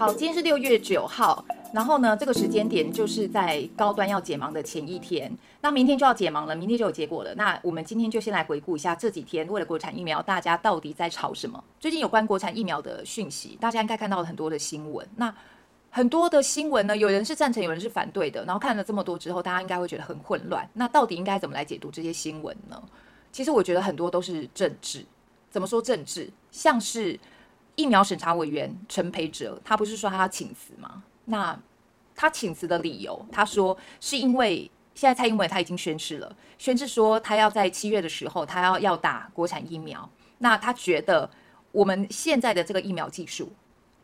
好，今天是六月九號，然後呢，這個時間點就是在高端要解盲的前一天。那明天就要解盲了，明天就有結果了。那我們今天就先來回顧一下這幾天為了國產疫苗，大家到底在吵什麼？最近有關國產疫苗的訊息，大家應該看到了很多的新聞。那很多的新聞呢，有人是贊成，有人是反對的。然後看了這麼多之後，大家應該會覺得很混亂。那到底應該怎麼來解讀這些新聞呢？其實我覺得很多都是政治。怎麼說政治？像是。疫苗審查委員陳培哲，他不是說他要請辭嗎？那他請辭的理由，他說是因為現在蔡英文他已經宣誓了，宣誓說他要在七月的時候，他要要打國產疫苗。那他覺得我們現在的這個疫苗技術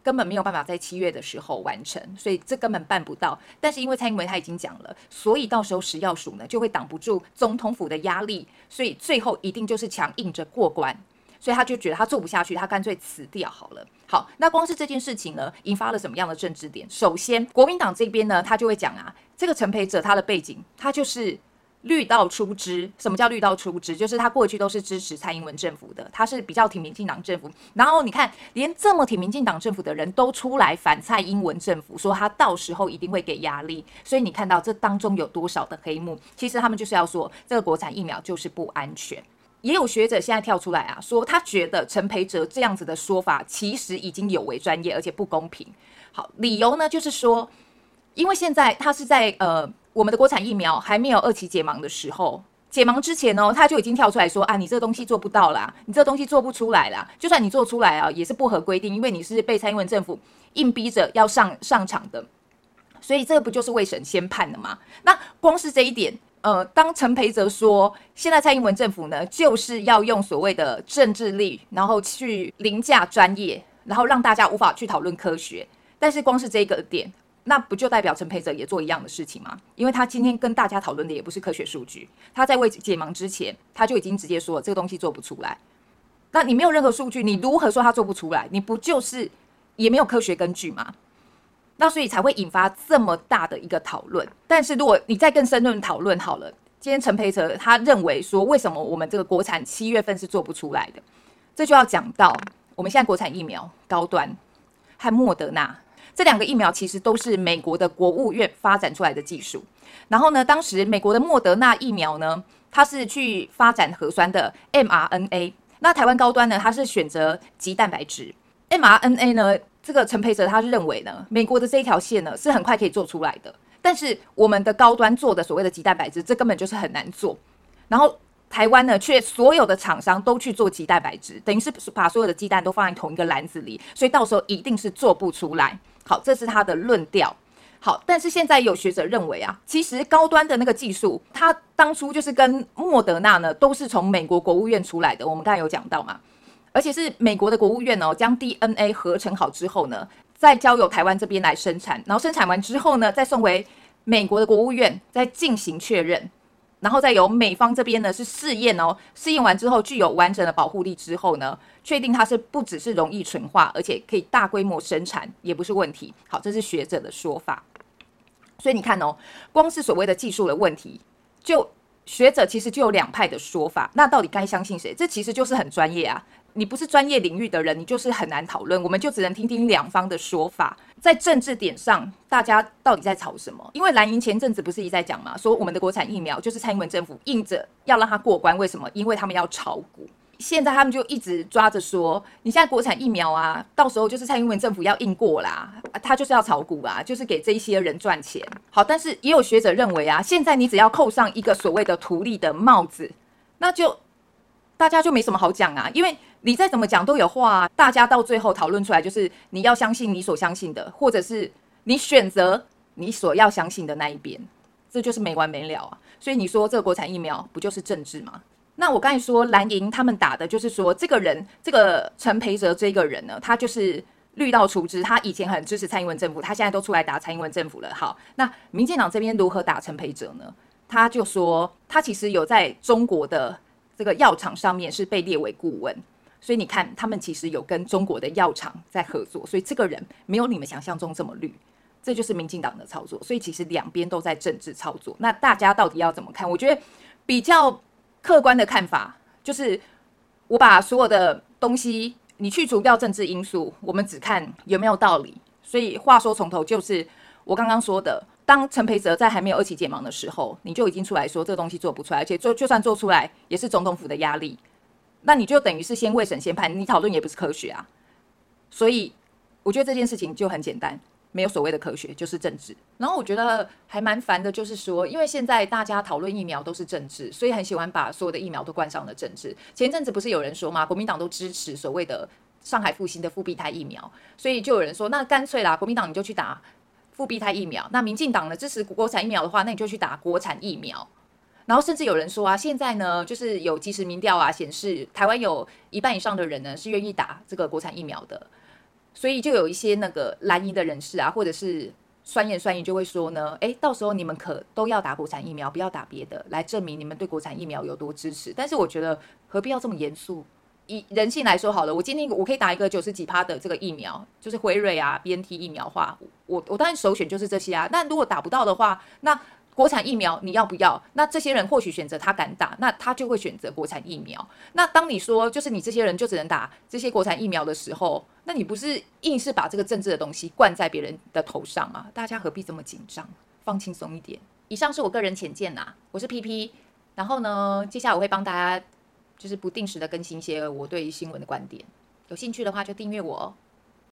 根本沒有辦法在七月的時候完成，所以這根本辦不到。但是因為蔡英文他已經講了，所以到時候食藥署呢就會擋不住總統府的壓力，所以最後一定就是強硬着過關。所以他就覺得他做不下去，他乾脆辭掉好了。好，那光是這件事情呢，引發了什麼樣的政治點？首先，國民黨這邊呢，他就會講啊，這個陳培哲他的背景，他就是綠到出汁。什麼叫綠到出汁？就是他過去都是支持蔡英文政府的，他是比較挺民進黨政府。然後你看，連這麼挺民進黨政府的人都出來反蔡英文政府，說他到時候一定會給壓力。所以你看到這當中有多少的黑幕？其實他們就是要說，這個國產疫苗就是不安全。也有學者現在跳出來啊，說他覺得陳培哲這樣子的說法其實已經有違專業，而且不公平。好，理由呢就是說，因為現在他是在呃我們的國產疫苗還沒有二期解盲的時候，解盲之前呢、哦，他就已經跳出來說啊，你這個東西做不到啦，你這個東西做不出來啦，就算你做出來啊，也是不合規定，因為你是被蔡英文政府硬逼着要上上場的，所以這不就是未審先判的嗎？那光是這一點。呃，當陳培哲說現在蔡英文政府呢，就是要用所謂的政治力，然後去凌駕專業，然後讓大家無法去討論科學。但是光是這個點，那不就代表陳培哲也做一樣的事情嗎？因為他今天跟大家討論的也不是科學數據，他在未解盲之前，他就已經直接說了這個東西做不出來。那你沒有任何數據，你如何說他做不出來？你不就是也沒有科學根據嗎？那所以才會引發這麼大的一個討論。但是如果你再更深論討論好了，今天陳培哲他認為說，為什麼我們這個國產七月份是做不出來的？這就要講到我們現在國產疫苗高端和莫德納這兩個疫苗其實都是美國的國務院發展出來的技術。然後呢，當時美國的莫德納疫苗呢，它是去發展核酸的 mRNA，那台灣高端呢，它是選擇棘蛋白質 mRNA 呢。這個陳培哲，他是認為呢，美國的這一條線呢是很快可以做出來的，但是我們的高端做的所謂的棘蛋白質，這根本就是很難做。然後台灣呢，卻所有的廠商都去做棘蛋白質，等於是把所有的雞蛋都放在同一個籃子裡，所以到時候一定是做不出來。好，這是他的論調。好，但是現在有學者認為啊，其實高端的那個技術，它當初就是跟莫德納呢都是從美國國務院出來的，我們剛才有講到嘛。而且是美國的國務院哦，將 DNA 合成好之後呢，再交由台灣這邊來生產，然後生產完之後呢，再送回美國的國務院再進行確認，然後再由美方這邊呢是試驗哦，試驗完之後具有完整的保護力之後呢，確定它是不只是容易純化，而且可以大規模生產也不是問題。好，這是學者的說法，所以你看哦，光是所謂的技術的問題，就學者其實就有兩派的說法，那到底該相信誰？這其實就是很專業啊。你不是專業領域的人，你就是很難討論。我們就只能聽聽兩方的說法，在政治點上，大家到底在吵什麼？因為藍營前陣子不是一再講嘛，說我們的國產疫苗就是蔡英文政府硬着要讓它過關，為什麼？因為他們要炒股。現在他們就一直抓着說，你現在國產疫苗啊，到時候就是蔡英文政府要硬過啦，啊、他就是要炒股啊，就是給這一些人賺錢。好，但是也有學者認為啊，現在你只要扣上一個所謂的圖利的帽子，那就，大家就沒什麼好講啊，因為。你再怎麼講都有話，大家到最後討論出來就是你要相信你所相信的，或者是你選擇你所要相信的那一邊，這就是沒完沒了啊。所以你說這個國產疫苗不就是政治嗎？那我剛才說藍營他們打的就是說這個人，這個陳培哲這個人呢，他就是綠到出汁。他以前很支持蔡英文政府，他現在都出來打蔡英文政府了。好，那民進黨這邊如何打陳培哲呢？他就說他其實有在中國的這個藥廠上面是被列為顧問。所以你看，他們其實有跟中國的藥廠在合作，所以這個人沒有你們想象中這麼綠，這就是民進黨的操作。所以其實兩邊都在政治操作。那大家到底要怎麼看？我覺得比較客觀的看法就是，我把所有的東西你去除掉政治因素，我們只看有沒有道理。所以話說從頭就是我剛剛說的，當陳培哲在還沒有二期解盲的時候，你就已經出來說這個東西做不出來，而且做就，就算做出來，也是總統府的壓力。那你就等於是先未審先判，你討論也不是科學啊，所以我覺得這件事情就很簡單，沒有所謂的科學，就是政治。然後我覺得還蠻煩的，就是說，因為現在大家討論疫苗都是政治，所以很喜歡把所有的疫苗都冠上了政治。前陣子不是有人說嘛，國民黨都支持所謂的上海復星的復必泰疫苗，所以就有人說，那乾脆啦，國民黨你就去打復必泰疫苗，那民進黨呢支持國產疫苗的話，那你就去打國產疫苗。然後甚至有人說啊，現在呢，就是有即時民調啊，顯示台灣有一半以上的人呢是願意打這個國產疫苗的，所以就有一些那個藍營的人士啊，或者是酸言酸語，就會說呢，哎，到時候你們可都要打國產疫苗，不要打別的，來證明你們對國產疫苗有多支持。但是我覺得何必要這麼嚴肅？以人性來說，好了，我今天我可以打一個九十幾趴的這個疫苗，就是輝瑞啊、BNT 疫苗的話，我我當然首選就是這些啊。但如果打不到的話，那。國產疫苗你要不要？那這些人或許選擇他敢打，那他就會選擇國產疫苗。那當你說就是你這些人就只能打這些國產疫苗的時候，那你不是硬是把這個政治的東西灌在別人的頭上嗎？大家何必這麼緊張？放輕鬆一點。以上是我個人淺見啦。我是 PP。然後呢，接下來我會幫大家就是不定時的更新一些我對於新聞的觀點。有興趣的話就訂閱我哦。